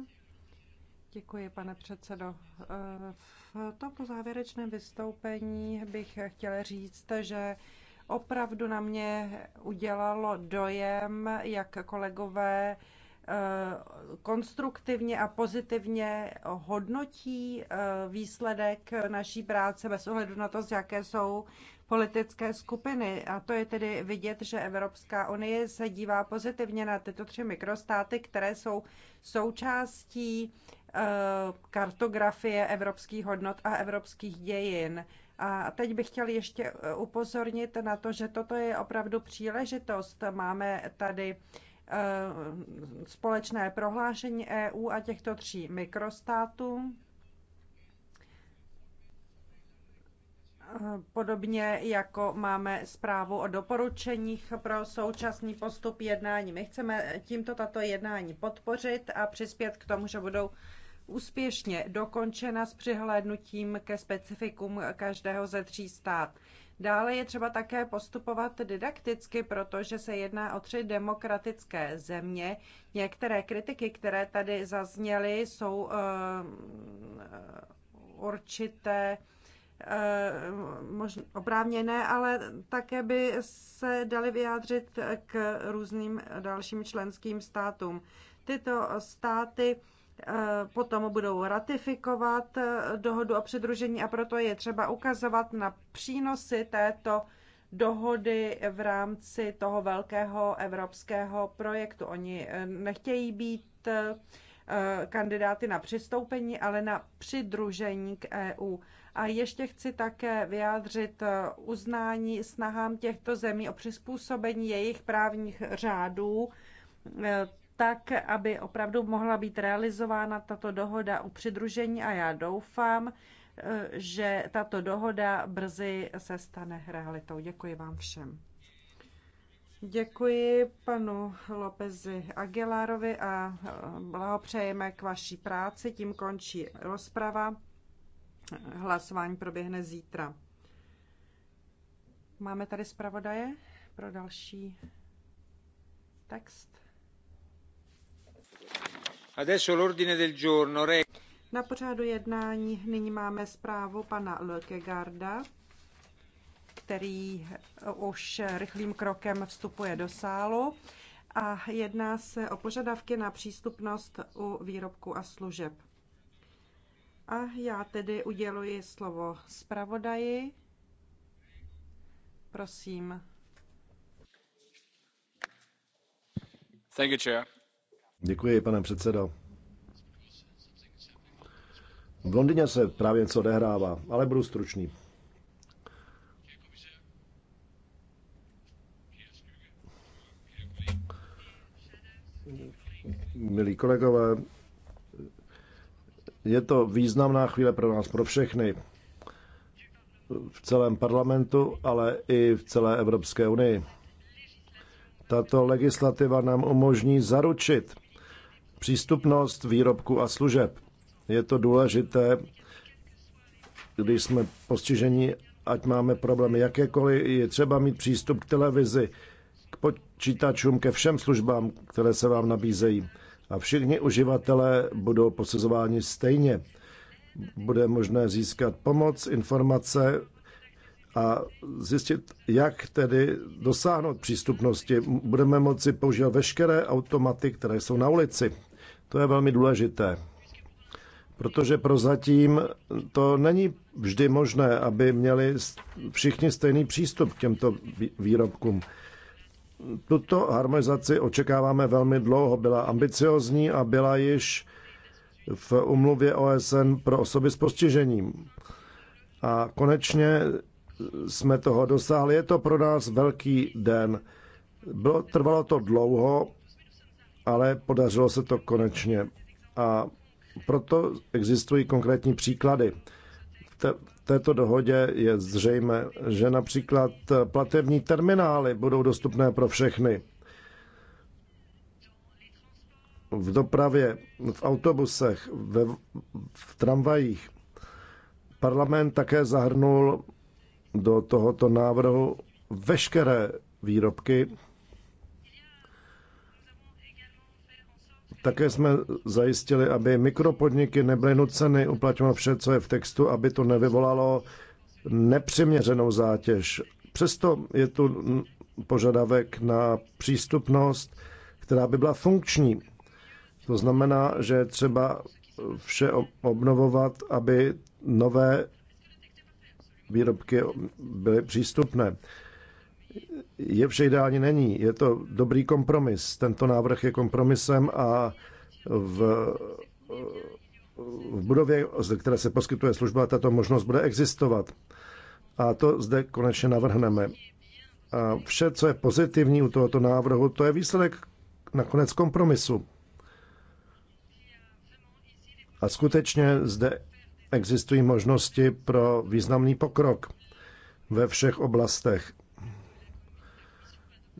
Děkuji, pane předsedo. Eh, v tomto závěrečném vystoupení bych chtěla říct, že opravdu na mě udělalo dojem, jak kolegové eh, konstruktivně a pozitivně hodnotí výsledek naší práce bez ohledu na to, z jaké jsou politické skupiny. A to je tedy vidět, že Evropská unie se dívá pozitivně na tyto tři mikrostáty, které jsou součástí eh, kartografie evropských hodnot a evropských dějin. A teď bych chtěl ještě eh, upozornit na to, že toto je opravdu příležitost. Máme tady eh, společné prohlášení EU a těchto tří mikrostátů. Podobně jako máme zprávu o doporučeních pro současný postup jednání. My chceme tímto tato jednání podpořit a přispět k tomu, že budou úspěšně dokončena s přihlédnutím ke specifikům každého ze tří stát. Dále je třeba také postupovat didakticky, protože se jedná o tři demokratické země. Některé kritiky, které tady zazněly, jsou uh, určité Eh, možná oprávněné, ale také by se daly vyjádřit k různým dalším členským státům. Tyto státy eh, potom budou ratifikovat eh, dohodu o přidružení a proto je třeba ukazovat na přínosy této dohody v rámci toho velkého evropského projektu. Oni nechtějí být kandidáty na přistoupení, ale na přidružení k EU. A ještě chci také vyjádřit eh, uznání snahám těchto zemí o přizpůsobení jejich právních řádů eh, tak, aby opravdu mohla být realizována tato dohoda o přidružení a já doufám, eh, že tato dohoda brzy se stane realitou. Děkuji vám všem. Děkuji panu Lopezi Aguilarovi a blahopřejeme k vaší práci. Tím končí rozprava. Hlasování proběhne zítra. Máme tady zpravodaje pro další text. Adesso l'ordine del giorno. Na pořádu jednání nyní máme zprávu pana Lökegarda, který už rychlým krokem vstupuje do sálu a jedná se o požadavky na přístupnost u výrobku a služeb. A já tedy uděluji slovo zpravodaji. Prosím. Thank you, chair. Děkuji, pane předsedo. V Londýně se právě něco odehrává, ale budu stručný. Milí kolegové, je to významná chvíle pro nás, pro všechny. V celém parlamentu, ale i v celé Evropské unii. Tato legislativa nám umožní zaručit přístupnost výrobku a služeb. Je to důležité, když jsme postiženi, ať máme problémy jakékoliv, je třeba mít přístup k televizi, k počítačům, ke všem službám, které se vám nabízejí a všichni uživatelé budou posuzováni stejně. Bude možné získat pomoc, informace a zjistit, jak tedy dosáhnout přístupnosti. Budeme moci používat veškeré automaty, které jsou na ulici. To je velmi důležité, protože prozatím to není vždy možné, aby měli všichni stejný přístup k těmto výrobkům. Tuto harmonizaci očekáváme velmi dlouho. Byla ambiciozní a byla již v umluvě OSN pro osoby s postižením. A konečně jsme toho dosáhli. Je to pro nás velký den. Bylo, trvalo to dlouho, ale podařilo se to konečně. A proto existují konkrétní příklady této dohodě je zřejmé, že například platební terminály budou dostupné pro všechny. V dopravě, v autobusech, ve, v tramvajích. Parlament také zahrnul do tohoto návrhu veškeré výrobky, Také jsme zajistili, aby mikropodniky nebyly nuceny uplatňovat vše, co je v textu, aby to nevyvolalo nepřiměřenou zátěž. Přesto je tu požadavek na přístupnost, která by byla funkční. To znamená, že třeba vše obnovovat, aby nové výrobky byly přístupné je vše ideální není. Je to dobrý kompromis. Tento návrh je kompromisem a v, v budově, ze které se poskytuje služba, tato možnost bude existovat. A to zde konečně navrhneme. A vše, co je pozitivní u tohoto návrhu, to je výsledek nakonec kompromisu. A skutečně zde existují možnosti pro významný pokrok ve všech oblastech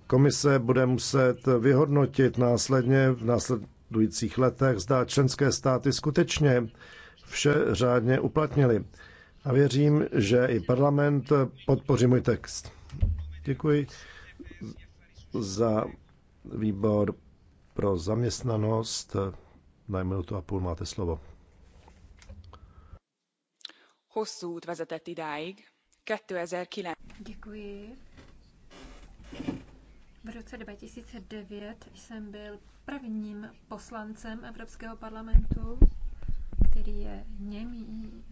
Komise bude muset vyhodnotit následně v následujících letech, zda členské státy skutečně vše řádně uplatnili. A věřím, že i parlament podpoří můj text. Děkuji za výbor pro zaměstnanost. Na minutu a půl máte slovo. Hosszú út vezetett idáig. 2009. Děkuji. V roce 2009 jsem byl prvním poslancem Evropského parlamentu, který je němý.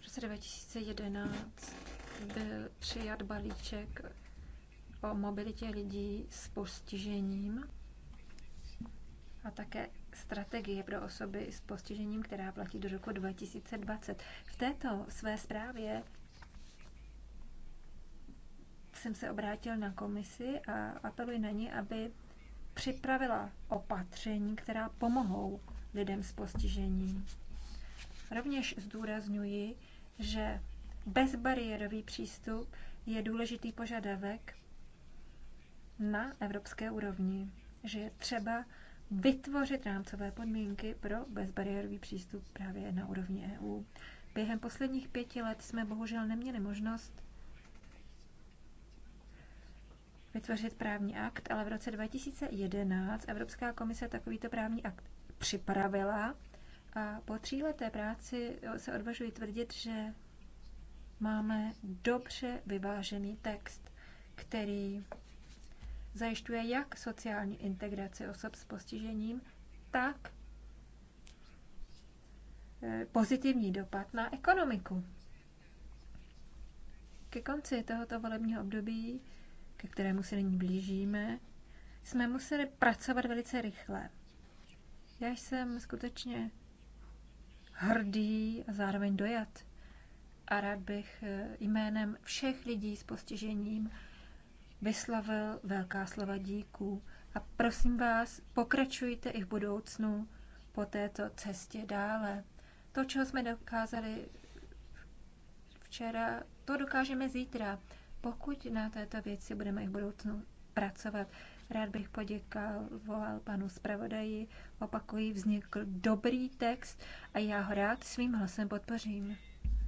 V roce 2011 byl přijat balíček o mobilitě lidí s postižením a také strategie pro osoby s postižením, která platí do roku 2020. V této své zprávě jsem se obrátil na komisi a apeluji na ní, aby připravila opatření, která pomohou lidem s postižením. Rovněž zdůrazňuji, že bezbariérový přístup je důležitý požadavek na evropské úrovni, že je třeba vytvořit rámcové podmínky pro bezbariérový přístup právě na úrovni EU. Během posledních pěti let jsme bohužel neměli možnost vytvořit právní akt, ale v roce 2011 Evropská komise takovýto právní akt připravila a po tříleté práci se odvažuji tvrdit, že máme dobře vyvážený text, který zajišťuje jak sociální integraci osob s postižením, tak eh, pozitivní dopad na ekonomiku. Ke konci tohoto volebního období ke kterému se nyní blížíme, jsme museli pracovat velice rychle. Já jsem skutečně hrdý a zároveň dojat. A rád bych eh, jménem všech lidí s postižením vyslavil velká slova díků. A prosím vás, pokračujte i v budoucnu po této cestě dále. To, čeho jsme dokázali včera, to dokážeme zítra pokud na této věci budeme i v budoucnu pracovat. Rád bych poděkal volal panu zpravodaji, opakuji, vznikl dobrý text a já ho rád svým hlasem podpořím.